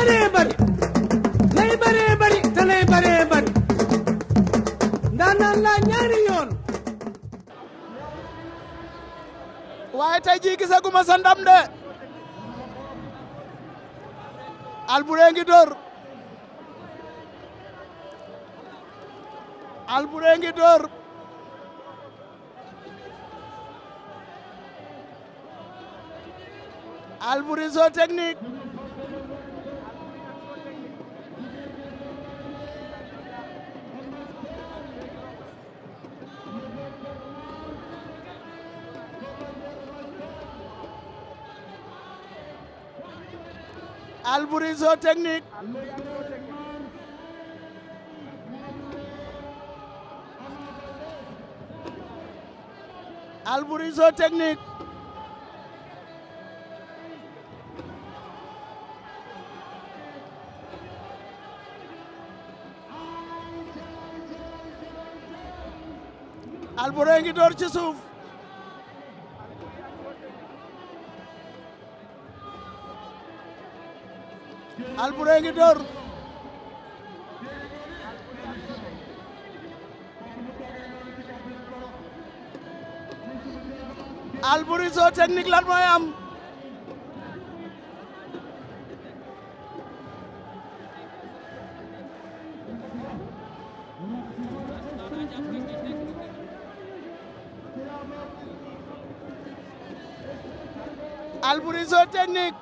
bëree bëri lay lay de ngi ngi technique Albouri Zo Technique Albouri Zo Technique Albouri ngi door ci suuf Alboury ngi door Alboury soo technique lan mooy am Alboury soo technique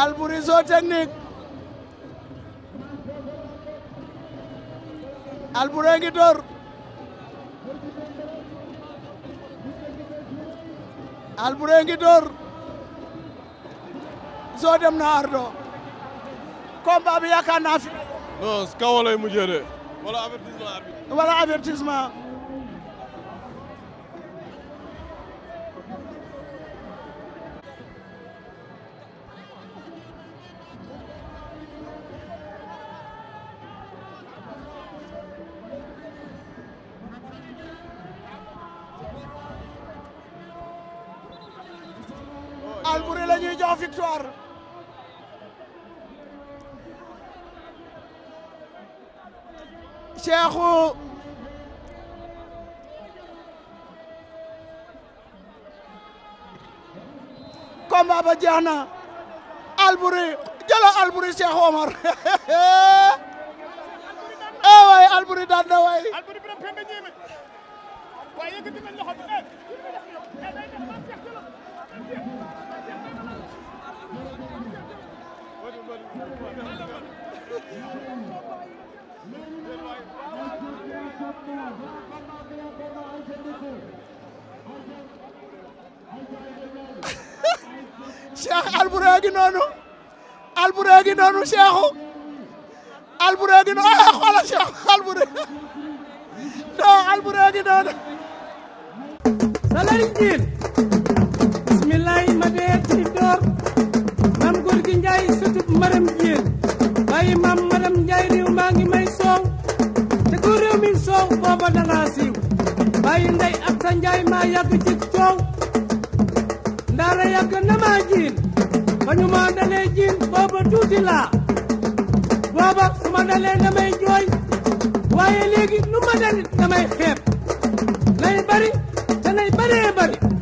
Alboury Zo Technique Alboury ngi door Alboury ngi door Zo dem na ardo combat bi yaakaar naa fi non kaw lay mujjee de wala avertissement Albouri la ñuy jox victoire Cheikhou combat ba jeex na Albouri jëla Albouri Cheikh Omar e cheikh Alboury gi noonu Alboury gi noonu cheikhu Alboury gi noonu ah xoolal cheikh Alboury non Alboury gi noonu. Salar Dine bismillahi ma dee. booba dangaa siiw bàyyi ndey ak sa njaay yàgg ci coow ndaara yàgg na maa jiin ba ñu maa dalee jiin booba tuuti laa booba su ma dalee damay jooy waaye léegi nu ma dalit damay xeeb nay bari te nay baree bari